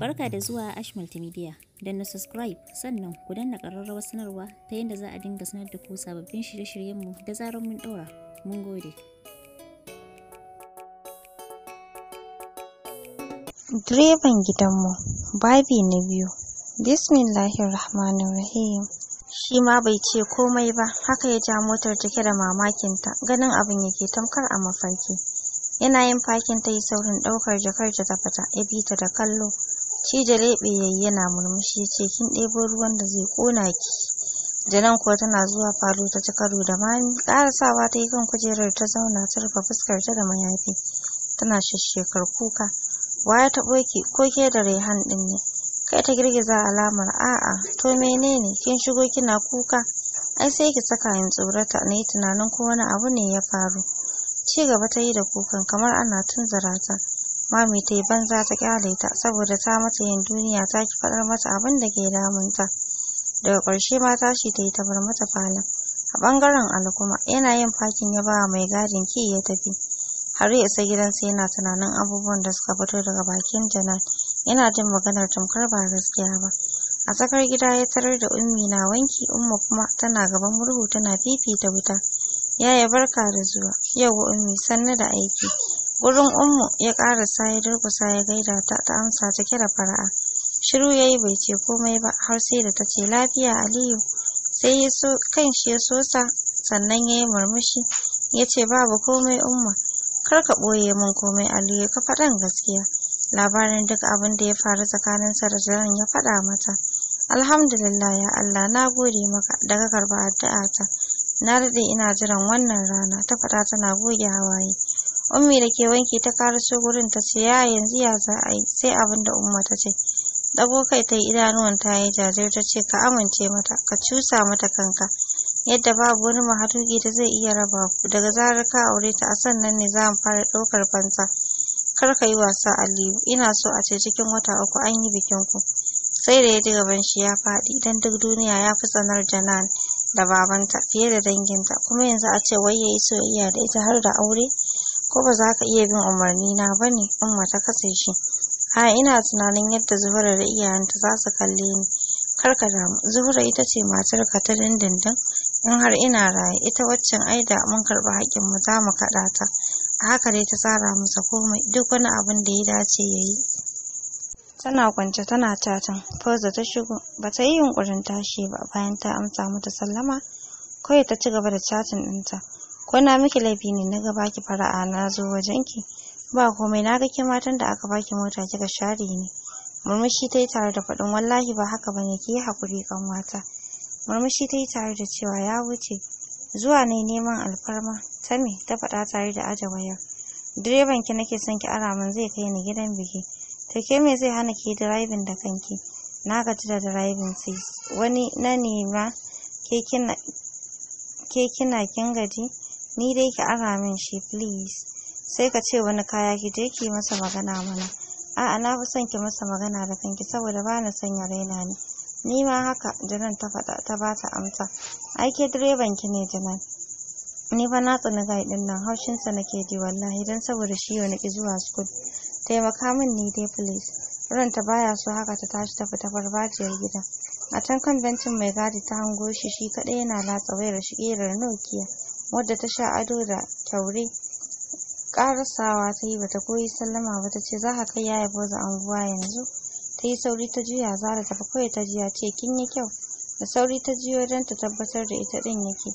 Barka da zuwa Ash Multimedia. Don na subscribe sannan ku danna ƙararrawar sanarwa ta yadda za a dinga sanar da ku sababbin shirye-shiryenmu da zarar mun ɗora. Mun gode. Direban gidanmu, babi na biyu. Bismillahirrahmanirrahim. Shi ma bai ce komai ba, haka ya ja motar cike da mamakinta, ganin abin yake tamkar a mafarki. yana yin fakin ta yi saurin ɗaukar jakar ta fata ya bi ta da kallo shi jalebe yayi yana murmushi yace kin ɗebo ruwan da zai kona ki janan kuwa tana zuwa falo ta ci karo da mami karasawa ta yi kan kujerar ta zauna ta rufe fuskar ta da mayafi tana shesshekar kuka waya ta ki, ko ke da rehan din ne kai ta girgiza alamar a'a to menene kin shigo kina kuka ai sai ki saka yin tsorata na yi tunanin ko wani abu ne ya faru ci gaba ta da kukan kamar ana tunzura ta Mami ta yi banza ta kyale ta saboda ta mata yin duniya ta ki faɗar mata abin da ke damunta. Daga ƙarshe ma shi ta yi ta bar mata falon. A ɓangaren alkuma yana yin fakin ya ba mai gadin ki ya tafi. Har ya isa gidansa yana tunanin abubuwan da suka fito daga bakin Janar. Yana jin maganar tamkar ba gaskiya ba. a tsakar gida ya tarar da ummi na wanki umma kuma tana gaban murhu tana fifita wuta yaya barka da zuwa yau ummi sannu da aiki Gurin Ummu ya ƙara ya durkusa ya gaida ta ta amsa cike da fara'a. Shiru yayi bai ce komai ba har sai da ta ce lafiya Aliyu sai ya so shi ya sosa sannan ya yi murmushi ya ce babu komai Umma kar ka ɓoye min komai Aliyu ka faɗan gaskiya. Labarin duk abin da ya faru tsakanin da Jiran ya faɗa mata. Alhamdulillah ya Allah na gode maka Daga karba addu'a addu'ata. Na daɗe ina jiran wannan rana ta faɗa tana goge hawaye. ummi da ke wanki ta karaso gurin ta ce ya yanzu ya za a yi sai abin da umma ta ce dago kai ta yi idanuwan ta yi jajir ta ce ka amince mata ka cusa mata kanka yadda babu wani mahaduki da zai iya raba ku daga zarar ka aure ta a sannan ne za mu fara ɗaukar fansa kar ka yi wasa aliyu ina so a ce cikin wata uku an yi bikin ku sai da ya ji gaban shi ya faɗi idan duk duniya ya fi tsanar janan da babanta fiye da danginta kuma yanzu a ce wai ya yi soyayya da ita har da aure ko ba za ka iya bin umarni na ba ne in ta kasa shi a ina tunanin yadda zuhura da iyayenta za su kalle ni kar ka damu zuhura ita ce matarka ta dindindin in har ina raye ita waccan ai da mun karɓi haƙƙin mu za mu kaɗa ta a haka dai ta tsara masa komai duk wani abin da ya dace ya yi tana kwance tana tatan fauza ta shigo ba ta yi yunkurin tashi ba bayan ta amsa mata sallama kawai ta ci gaba da catin ɗinta ko na miki laifi ne na ga baki fara'a na zo wajen ki ba komai na ga ke matan da aka baki mota kika share ne murmushi ta yi tare da faɗin wallahi ba haka bane ki yi kan wata. murmushi ta yi tare da cewa ya wuce zuwa ne neman alfarma ta me ta faɗa tare da aje wayar direban ki nake son ki ara min zai kai ni gidan biki to ke me zai hana ki driving da kanki na gaji da driving sis wani na nema ke kina kin gaji ni dai ki ara min shi please sai ka ce wani kaya ki je ki masa magana mana a'a na fi son ki masa magana da kanki saboda ba na sanya raina ni ni ma haka janan ta faɗa ta ba ta amsa ai ke direban ki ne janan ni ba na tsani gai din nan haushin sa nake ji wallahi dan saboda shi yau naki zuwa school taimaka min ni dai please Ranta baya so haka ta tashi ta fita barbajiyar gida a can kan bencin mai gadi ta hango shi shi kadai yana latsa wayar shi irin Nokia wadda ta sha ado da kyaure karasawa ta yi bata koyi sallama ba ta ce za ka kai yaya boza anguwa yanzu ta yi sauri ta juya zara tafi kawai ta ji ya ce kin yi kyau da sauri ta jiyo don ta tabbatar da ita din yake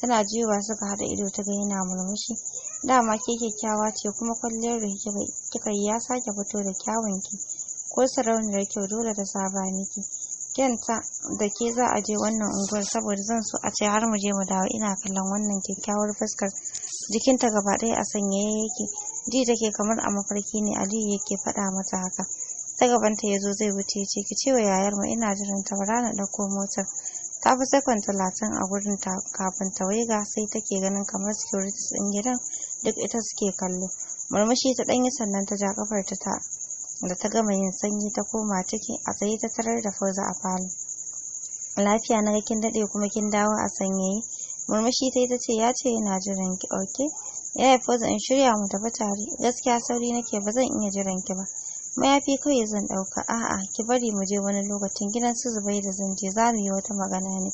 tana jiyowa suka haɗa ido ta ga yana murmushi dama ke kyakkyawa ce kuma kwalliyar da kika yi ya sake fito da kyawun ki ko sarauniyar kyau dole ta saba miki Kenta da ke za a je wannan unguwar saboda zan so a ce har mu je mu dawo ina kallon wannan kyakkyawar fuskar jikinta gaba ɗaya a sanyaye yake ji take kamar a mafarki ne Aliyu yake faɗa mata haka ta gabanta ya zo zai wuce ce ki ce wa yayar mu ina jiran ta bara na ɗauko motar ta fi sakon talatin a gurin ta kafin ta waiga sai take ganin kamar securities ɗin gidan duk ita suke kallo murmushi ta ɗanyi sannan ta ja kafar ta da ta gama yin sanyi ta koma ciki a tsaye ta tarar da fauza a falo lafiya na ga kin daɗe kuma kin dawo a sanyaye murmushi ta yi ta ce ya ce yana jiran ki Oke. ya yi fauza in shirya mu tafi tare gaskiya sauri nake ba zan iya jiran ki ba mayafi kawai zan ɗauka a'a ki bari mu je wani lokacin gidan su zubai da zan je za mu yi wata magana ne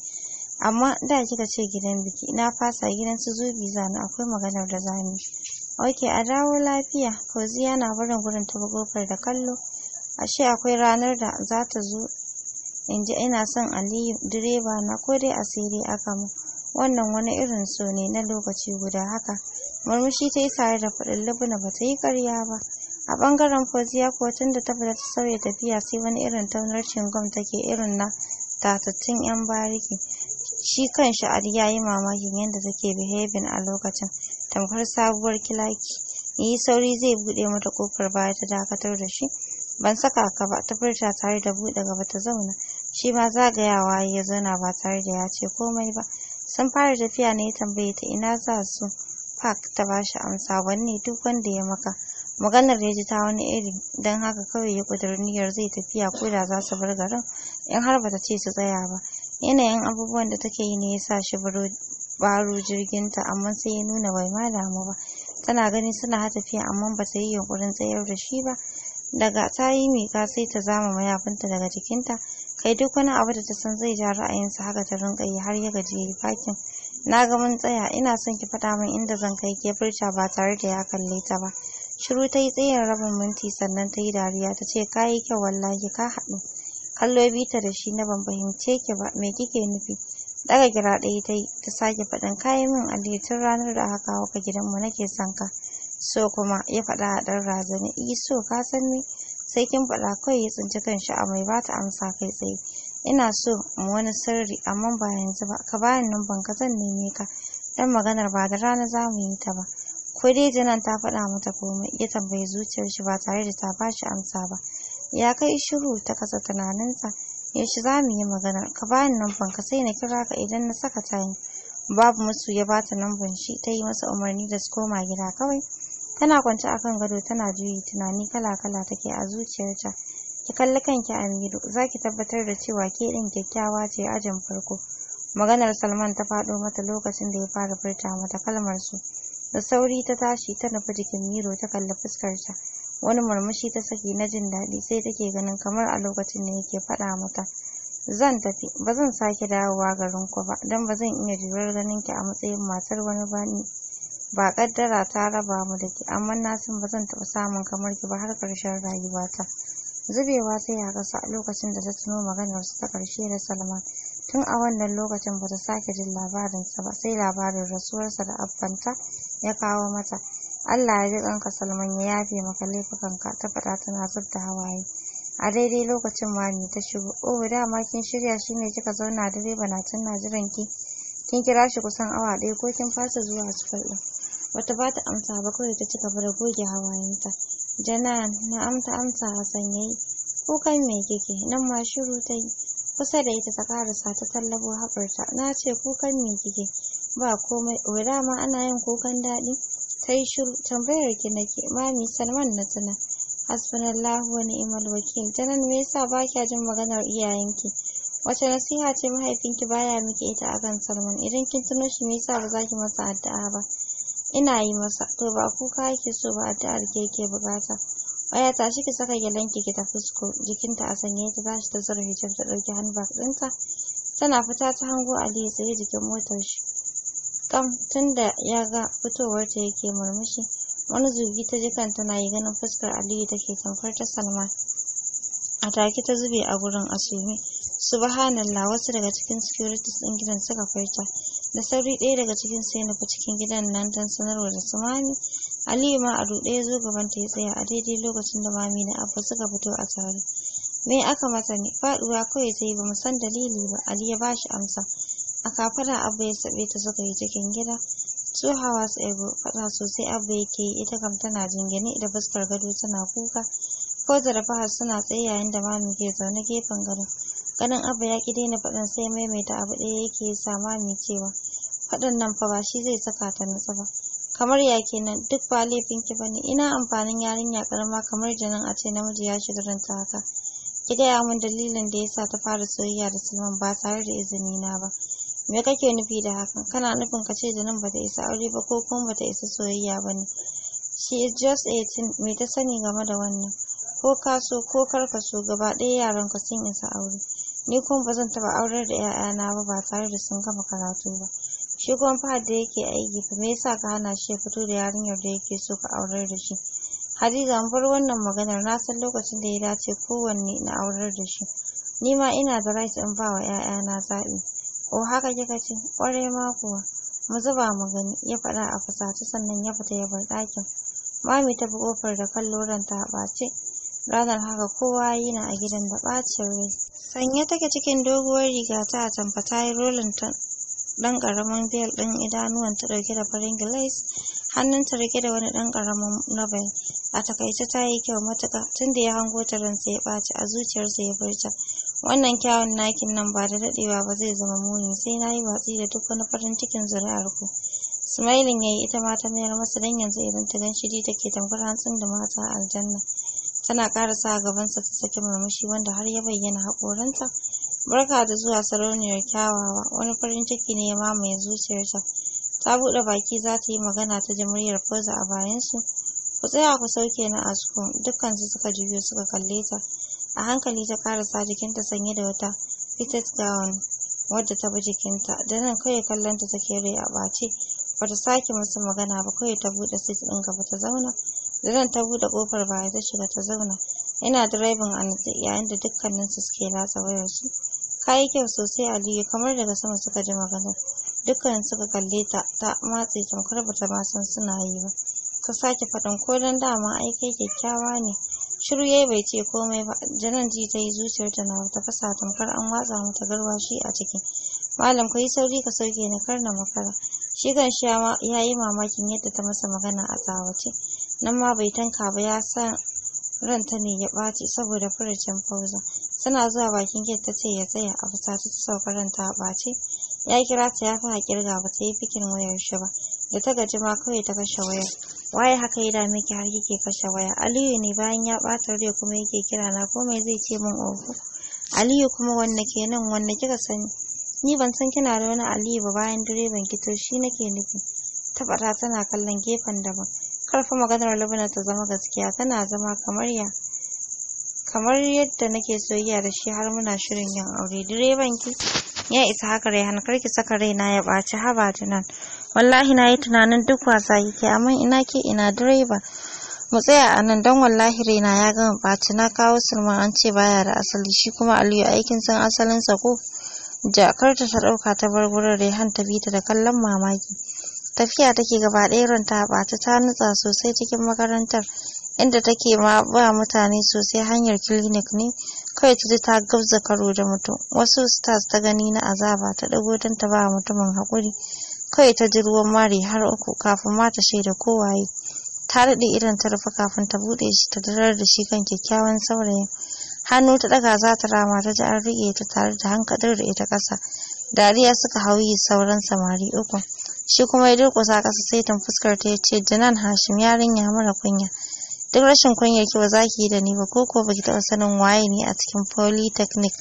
amma da kika ce gidan biki na fasa gidan su zubi zani akwai maganar da za mu yi Ok, a dawo lafiya. Fauzi yana barin gurin ta kofar da kallo. Ashe akwai ranar da za ta zo in ji ina son Aliyu direba na ko dai asiri aka mu. Wannan wani irin so ne na lokaci guda haka. Murmushi ta yi tare da faɗin lubuna ba ta yi ƙarya ba. A ɓangaren foziya, kuwa tun da ta fita ta sauya tafiya sai wani irin taunar cingam take irin na tatattun 'yan bariki. Shi kan shi ya yi mamakin yadda take behaving a lokacin. tamkar sabuwar kilaki yi sauri zai buɗe mata kofar baya ta dakatar da shi ban saka ka ba ta furta tare da buɗe gaba ta zauna shi ma zagayawa ya zauna ba tare da ya ce komai ba sun fara tafiya ne ya tambaye ta ina za su park ta ba shi amsa wanne duk wanda ya maka maganar ya ji ta wani iri don haka kawai ya ƙudiri niyyar zai tafiya ko da za su bar garin in har ba ta ce su tsaya ba yanayin abubuwan da take yi ne ya sa shi baro jirginta amma sai ya nuna bai ma damu ba tana gani suna ha tafiya amma ba ta yi yunkurin tsayar da shi ba daga tayi yi miƙa sai ta zama mayafinta daga jikinta kai duk wani abu da ta san zai ja ra'ayinsa haka ta rinka yi har ya gaji fakin. bakin na ga mun tsaya ina son ki faɗa min inda zan kai ke furta ba tare da ya kalle ta ba shiru ta yi tsayin rabin minti sannan ta yi dariya ta ce ka yi kyau wallahi ka haɗu kallo bita da shi na ban fahimce ki ba me kike nufi daga gira ɗaya ta yi ta sake faɗin kayi min a tun ranar da aka kawo ka gidanmu nake son ka so kuma ya faɗa a ɗan razana iso so ka san ni sai kin faɗa kawai ya tsinci kanshi a mai ba ta amsa kai tsaye ina so mu wani sirri amma ba yanzu ba ka bani numban ka zan neme ka dan maganar ba da rana za mu yi ta ba ko dai jinan ta faɗa mata komai ya tambayi zuciyar shi ba tare da ta bashi amsa ba ya kai shiru ta kasa tunaninsa yaushe za mu yi magana ka bani numfan ka sai na kira ka idan na saka tayi babu musu ya bata numfan shi ta yi masa umarni da su koma gida kawai tana kwance akan gado tana juyi tunani kala kala take a zuciyarta ki kalli kanki a miro za ki tabbatar da cewa ke din kyakkyawa ce ajin farko maganar salman ta faɗo mata lokacin da ya fara furta mata kalmar su da sauri ta tashi ta nufi jikin miro ta kalli fuskarta wani murmushi ta saki na jin daɗi sai take ganin kamar a lokacin ne yake faɗa mata zan tafi ba zan sake dawowa garinku ba don ba zan iya jurar ganin ki a matsayin matar wani bani ba kaddara ta raba mu da ki amma na san ba zan taɓa samun kamar ki ba har ƙarshen rayuwata zubewa ta ya kasa lokacin da ta tuno maganar su ta ƙarshe da salma, tun a wannan lokacin ba ta sake jin labarinsa ba sai labarin rasuwarsa da abbanta ya kawo mata Allah ya ji ɗanka Salman ya yafe maka laifukanka ta faɗa tana zub da hawaye. A daidai lokacin mami ta shigo, "Oh, dama kin shirya shi ne kika zauna direba na tun na jiran ki, kin kira shi kusan awa ɗaya ko kin fasa zuwa cikin ɗin." Wata ba ta amsa ba kawai ta ci gaba da goge hawayenta. Janan na amta amsa a Ko kukan me kike, nan ma shiru ta yi. Kusa da ita ta karasa ta tallabo haƙarta. na ce kukan me kike, ba komai, wai dama ana yin kukan daɗi. ta yi shiru tambayar ki nake mami salman na tuna hasbunallahu wa ni'mal wakil janan me yasa ba kya jin maganar iyayenki wace nasiha ce mahaifinki baya miki ita akan salman idan kin tuno shi me yasa ba za ki masa addu'a ba ina yi masa to ba kuka yake so ba addu'ar ke yake bukata Aya tashi ki saka gyalanki ki ta fusko. jikinta a sanye ta tashi ta zura hijab ta ɗauki handbag ɗinta tana fita ta hango Aliyu sai jikin motar shi kam da ya ga fitowarta yake murmushi wani zugi ta jikan tana yi ganin fuskar aliyu take tamfar ta salma a take ta zube a gurin asumi subhanallah wasu daga cikin securities din gidan suka furta da sauri ɗaya daga cikin sai nufi cikin gidan nan don sanarwa da su mami aliyu ma a ruɗe ya zo gaban ta ya tsaya a daidai lokacin da mami na abu suka fito a tare me aka mata ne faɗuwa kawai ta yi ba san dalili ba ali ya ba shi amsa a kafada abba ya saɓe ta suka yi cikin gida su hawa su faɗa sosai abba yake yi ita kam tana jingine da fuskar gado tana kuka ko zarafa fahar suna tsaye yayin da mami ke zaune gefen gado. ganin abba ya ki daina faɗin sai maimaita abu ɗaya yake sa mami cewa faɗin nan fa ba shi zai saka ta nutsu ba kamar ya ke nan, duk ba laifin ki bane ina amfanin yarinya karama kamar janan a ce namiji ya shiga ranta haka ki gaya min dalilin da ya sa ta fara soyayya da Salman ba tare da izini na ba me kake nufi da hakan kana nufin ka ce janin bata isa aure ba ko kuma bata isa soyayya ba ne she is just 18 me ta sani game da wannan ko ka so ko kar ka so gaba ɗaya yaran ka sun isa aure ni kuma ba zan taɓa aurar da 'ya'yana ba ba tare da sun gama karatu ba shi kuma fahad da yake aiki fa me yasa ka hana shi ya fito da yarinyar da yake so ka aurar da shi Hadiza bar wannan maganar na san lokacin da ya dace kowanne na aurar da shi. Ni ma ina da right in ba wa ‘ya'yana zaɓi. ko oh, haka kika ce ƙwarai ma kuwa mu zuba mu gani ya faɗa a fusata sannan ya fita ya bar ɗakin mami ta bi ƙofar da kallo ta ɓace ranar haka kowa yana a gidan da ɓacin rai sanye take cikin doguwar riga ta atamfa ta yi rolin ta ɗan ƙaramin bel ɗin idanuwan ta ɗauke da farin gilas ta rike da wani ɗan ƙaramin nobel a takaice ta yi kyau matuƙa tunda ya hango ta sai ya ɓaci a zuciyarsa ya furta wannan kyawun nakin nan ba da dadewa ba zai zama muni sai na yi watsi da duk wani farin cikin zuri'ar ku smiling yi ita ma ta mayar masa dan yanzu idan ta gan shiri take tamkar hantsin da mata a aljanna tana ƙara sa gabansa ta saki murmushi wanda har ya bayyana haƙoranta barka da zuwa sarauniyar kyawawa wani farin ciki ne ya mamaye zuciyarta ta buɗe baki za ta yi magana ta ji muryar foza a bayansu ku tsaya ku sauke na asko su suka juyo suka kalle ta a hankali ta karasa jikinta sanye da wata fitted gown wadda ta bi jikinta da nan kawai kallonta take rai a ɓace ta sake musu magana ba kawai ta buɗe sit ɗin gaba ta zauna da nan ta buɗe kofar baya ta shiga ta zauna yana direban a natse yayin da dukkaninsu suke latsa wayarsu kayi kyau sosai aliyu kamar daga sama suka ji magana. dukkanin suka kalle ta ta matse tamkar bata ma san suna yi ba ta sake faɗin ko don dama aiki kyakkyawa ne Shiru bai ce komai ba, janan ji ta yi zuciyarta na tafasa tamkar an watsa mata garwashi a ciki. Malam ka sauri ka sauke na kar na makara. Shi kan shi ya yi mamakin yadda ta masa magana a tsawace. Nan ma bai tanka ba ya sa ranta ne ya ɓaci saboda furucin fauza. Suna zuwa bakin gate ta ce ya tsaya a fusace ta sauka ran ta ɓace. Ya kira ta ya fi haƙirga ba ta yi fikin wayar shi ba. Da ta gaji ma kawai ta kashe wayar. waye haka ya dame ki har kike kashe waya aliyu ne bayan ya bata rai kuma yake kira na komai zai ce min ofu aliyu kuma wanne kenan wanne kika sani ni ban san kina da wani aliyu ba bayan direban ki to shi nake nufi tabara tana kallon gefen daban karfa maganar labuna ta zama gaskiya tana zama kamar ya kamar yadda nake soyayya da shi har muna shirin yin aure direban ki ya isa haka rai kar ki saka na ya ɓaci haba nan wallahi na yi tunanin duk wasa kike amma ina ke ina direba mu tsaya a nan don wallahi raina ya gama ɓaci na kawo sulma an ce baya da asali shi kuma aliyu aikin san sa ko jakar ta ɗauka ta bar gurin rehan ta bi ta da kallon mamaki tafiya take gaba ɗaya ranta ɓata ta nutsa sosai cikin makarantar inda take ma ba mutane sosai hanyar clinic ne kawai ta ji ta gabza karo da mutum wasu stars ta gani na azaba ta ɗago don ta ba mutumin haƙuri Kawai ta ji ruwan mari har uku kafin ma ta shaida kowaye Ta daɗe irin ta rufe kafin ta buɗe shi ta darar da shi kan kyakkyawan saurayin. Hannu ta ɗaga za ta rama ta ji an riƙe ta tare da hankadar da ita ƙasa. Dariya suka hau hauyi sauran samari uku. Shi kuma ya durƙusa ƙasa sai ta fuskar ta ya ce Janan Hashim yarinya mara kunya. Duk rashin kunyar ki ba za ki yi da ni ba ko ko ba ki taɓa sanin waye ne a cikin polytechnic.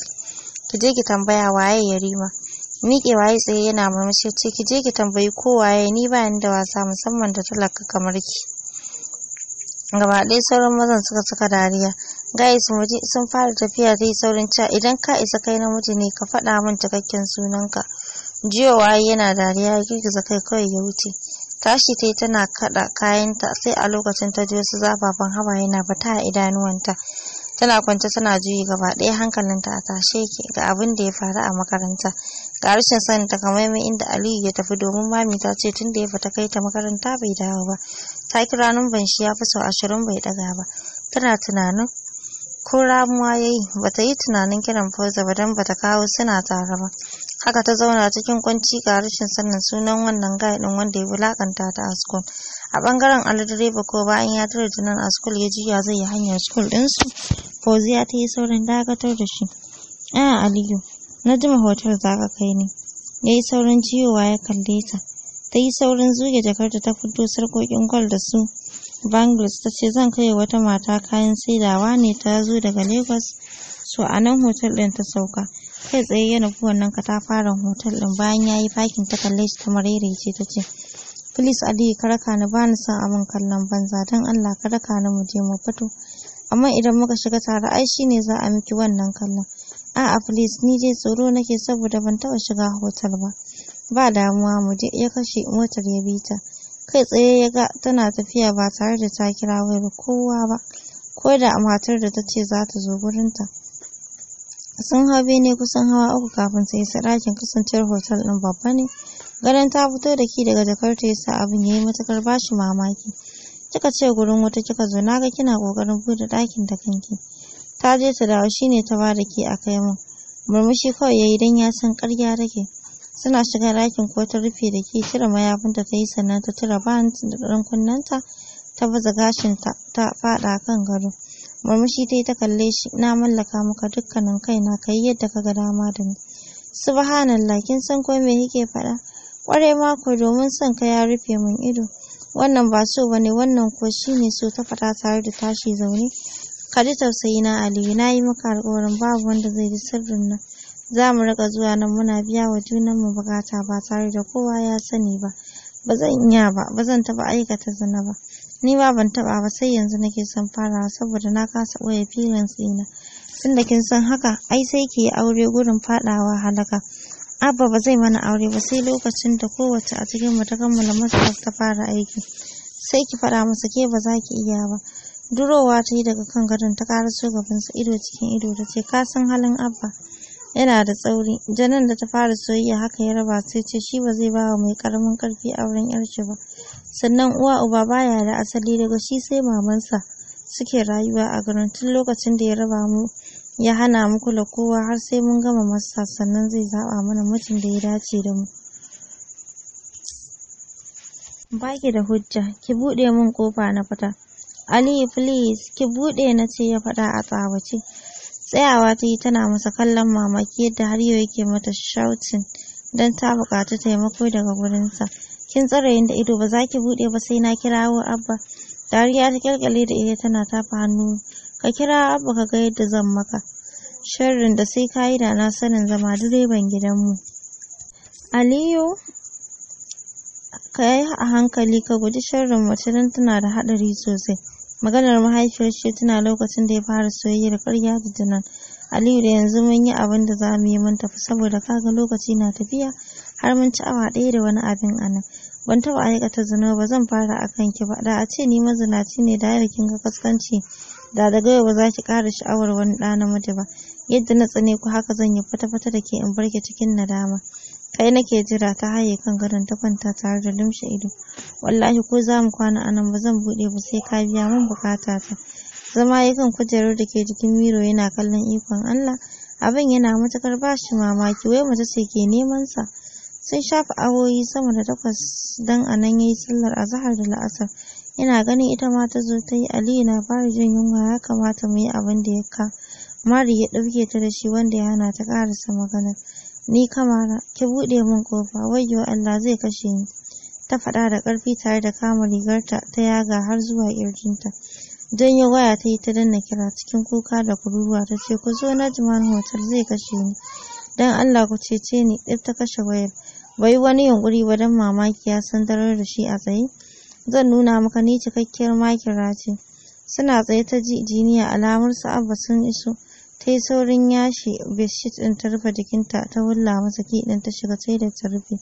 Ki je ki tambaya waye ya rima? miƙe waye tsaye yana murmushi ce ki je ki tambayi ko waye ni ba da wasa musamman da talaka kamar ki gaba ɗaya sauran mazan suka saka dariya gayis sun fara tafiya zai saurin cewa idan ka isa kai namiji ne ka faɗa min cikakken sunanka Jiya waye yana dariya ya girgiza kai kawai ya wuce tashi ta tana kaɗa kayanta sai a lokacin ta ji wasu zafafan hawa yana fita a idanuwanta tana kwance tana juyi gaba ɗaya hankalinta a tashe ke, ga abin da ya faru a makaranta ga rashin sanin takamaiman inda aliyu ya tafi domin mami ta ce tun da ya fita kai ta makaranta bai dawo ba ta kira numban shi ya fi sau ashirin bai ɗaga ba tana tunanin ko ramuwa ya yi ba ta yi tunanin kiran fauza ba don ba ta kawo suna tare ba haka ta zauna cikin kwanci ga rashin sanin sunan wannan gaya ɗin wanda ya wulakanta ta a a bangaren aladireba ko bayan ya tura tunan a school ya juya zai yi hanyar school ɗinsu ya ta yi saurin dakatar da shi a aliyu na jima hotel za ka kai ne ya yi saurin jiyowa ya kalle ta ta yi saurin zuge da ta fito sarƙoƙin gwal da su bangles ta ce zan kai wata mata kayan saidawa ne ta zo daga lagos Su a nan hotel ɗin ta sauka kai tsaye ya nufi wannan katafaren hotel ɗin bayan ya yi fakin ta kalle shi ta ce ta ce Filis ali ka raka ni ba ni son abin kallon banza don allah ka raka ni mu je mu fito amma idan muka shiga tare ai shi ne za a miki wannan kallon a'a please ni dai tsoro nake saboda ban taba shiga hotel ba ba damuwa mu je ya kashe motar ya bi ta kai tsaye ya ga tana tafiya ba tare da ta kira wayar kowa ba ko da matar da ta ce za ta zo gurinta sun hau ne kusan hawa uku kafin sai isa ɗakin kasancewar hotel ɗin babba ne Ganin ta fito da ki daga jakarta yasa abin yayi matukar bashi mamaki. Kika ce gurin wata kika zo naga kina kokarin bude ɗakin da kanki. Ta je ta dawo shine ta bada ki a kai mu Murmushi kawai yayi dan ya san ƙarya take. Suna shiga ɗakin ko ta rufe da ki cire mayafinta ta yi sannan ta cire bant da ɗan kunnenta ta baza gashin ta faɗa kan gado. Murmushi ta yi ta kalle shi na mallaka maka dukkanin kaina ka yi yadda kaga dama da ni. Subhanallah kin san ko me yake faɗa? kwarai mako domin son ka ya rufe min ido. Wannan ba so ba ne, wannan ko shine so ta fata tare da tashi zaune. Ka ji tausayi na Aliyu, na yi maka alƙawarin babu wanda zai ji sirrin nan. Za mu riƙa zuwa nan muna biya wa junan mu buƙata ba tare da kowa ya sani ba. Ba zan iya ba, ba zan taɓa aikata zina ba. Ni ma ban taɓa ba sai yanzu nake son farawa saboda na kasa ɓoye filin tsina. da kin san haka, ai sai ki aure gurin faɗawa halaka. Abba ba zai mana aure ba sai lokacin da kowace a cikin mu ta kammala masters ta fara aiki. Sai ki faɗa masa ke ba za ki iya ba. Durowa ta yi daga kan gadon ta ƙara gaban gabansa ido cikin ido ta ce ka san halin Abba. Yana da tsauri, janan da ta fara soyayya haka ya raba sai ce shi ba zai bawa mai karamin karfi auren shi ba. Sannan uwa uba baya da asali daga shi sai mamansa suke rayuwa a garin tun lokacin da ya raba mu ya hana mu kula kowa har sai mun gama masa sannan zai zaɓa mana mijin da ya dace da mu baki da hujja ki buɗe mun ƙofa na fita Ali, please ki buɗe na ce ya faɗa a tsawace tsayawa ta yi tana masa kallon mamaki yadda har yau yake mata shautin don ta buƙaci taimako daga gurinsa kin tsare da ido ba za ki buɗe ba sai na kirawo abba dariya ta kyalkyale da ita tana tafa hannu ka kira abu ka ga yadda zan maka sharrin da sai ka yi da na sanin zama direban gidanmu aliyu ka yi a hankali ka guji sharrin mace tana da haɗari sosai maganar mahaifiyar ce tana lokacin da ya fara soyayyar karya da tunan aliyu da yanzu mun yi abin da za mu yi mun tafi saboda kaga lokaci na tafiya har mun ci awa ɗaya da wani abin a nan ban taɓa aikata zina ba zan fara a kanki ba da a ce ni mazinaci ne da kin ga kaskanci da daga yau ba za ki ƙara sha'awar wani ɗa namiji ba yadda na tsane ku haka zan yi fata-fata da ke in barke cikin nadama kai nake jira ta haye kan gadon ta kwanta tare da lumshe ido wallahi ko za mu kwana a nan ba zan buɗe ba sai ka biya min bukata ta zama ya kan kujerar da ke jikin miro yana kallon ikon Allah abin yana matukar shi mamaki wai mace ce ke neman sa sun shafa awoyi sama da takwas don a nan yayi sallar azahar da la'asar Ina ganin ita ma ta zo ta yi Aliyu na fara jin yunwa ya kamata mu yi abin da ya ka. Mari ya ɗauke ta da shi wanda ya hana ta ƙarasa magana. Ni kamara, ki buɗe min ƙofa, wayyo Allah zai kashe ni. Ta faɗa da ƙarfi tare da kama rigarta ta yaga har zuwa ƙirjinta. Janyo waya ta yi ta danna kira cikin kuka da kururuwa ta ce ku zo na jiman hotel zai kashe ni. Dan Allah ku cece ni, ɗif ta kashe wayar. Bai wani yunƙuri ba don mamaki ya san darar da shi a tsaye. zan nuna maka ni cikakkiyar makira ce suna tsaye ta ji jiniya alamar su abba sun iso ta yi saurin yashi beshit ɗin ta rufe jikinta ta wulla masa ɗin ta shiga sai da ta rufe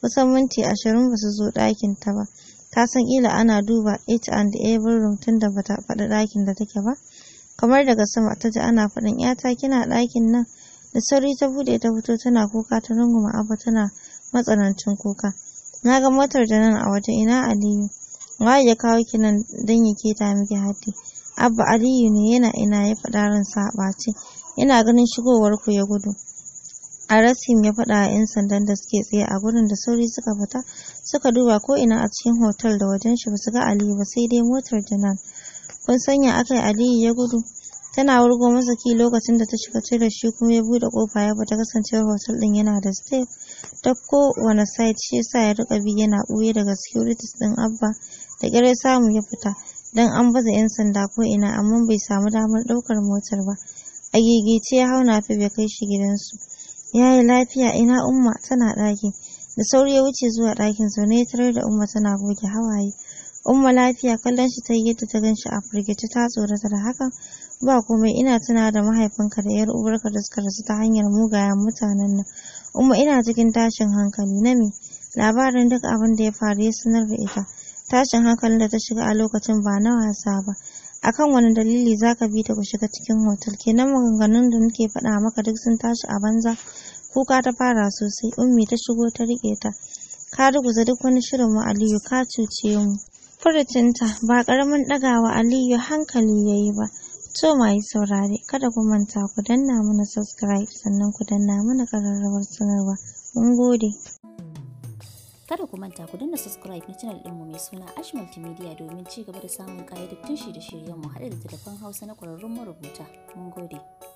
kusan minti ashirin ba su zo ɗakin ta ba ta san ila ana duba it and every room tun da bata faɗi ɗakin da take ba kamar daga sama ta ji ana faɗin yata kina ɗakin nan da sauri ta buɗe ta fito tana kuka ta runguma abba tana matsanancin kuka na ga motar da nan a waje ina aliyu waye ya kawo ki nan dan ya keta miki haddi abba aliyu ne yana ina ya faɗa ran sa Ina yana ganin shigowar ku ya gudu A arasim ya faɗa 'yan sandan da suke tsaye a gurin da sauri suka fita suka duba ko ina a cikin hotel da wajen shi basu ga aliyu ba sai dai motar janan kun sanya akai aliyu ya gudu Tana wurgo masa ki lokacin da ta shiga cire shi kuma ya bude kofa ya fita kasancewa hotel din yana da step ta kowane site shi yasa ya rika bi yana buye daga securities din Abba da kare samu ya fita dan an baza yan sanda ko ina amma bai samu damar daukar motar ba. A gigice ya hauna fi bai kai shi gidansu. Yayi lafiya ina umma tana daki. Da sauri ya wuce zuwa ɗakin zaune ya tarar da umma tana goge hawaye. Umma lafiya kallon shi ta yi yadda ta gan shi a firgice ta tsorata da hakan ba komai ina tuna da mahaifinka da yar uwarka da suka rasu ta hanyar mugayen mutanen nan umma ina cikin tashin hankali na me labarin duk abin da ya faru ya sanar da ita tashin hankalin da ta shiga a lokacin ba na wasa ba akan wani dalili zaka bi ta ku shiga cikin hotel kenan maganganun da nake faɗa maka duk sun tashi a banza kuka ta fara sosai ummi ta shigo ta riƙe ta ka ruguza duk wani shirin mu aliyu ka cuce mu furucinta ba ƙaramin ɗagawa aliyu hankali yayi ba so masu saurare kada ku manta ku danna mana subscribe sannan ku danna mana ƙararrawar sanarwa. Mun gode. Kada ku manta ku danna subscribe na channel ɗinmu mai suna Ash Multimedia domin ci gaba da samun ƙayyadattun shi da shiryenmu haɗe da telefon Hausa na ƙwararrun marubuta. Mun gode.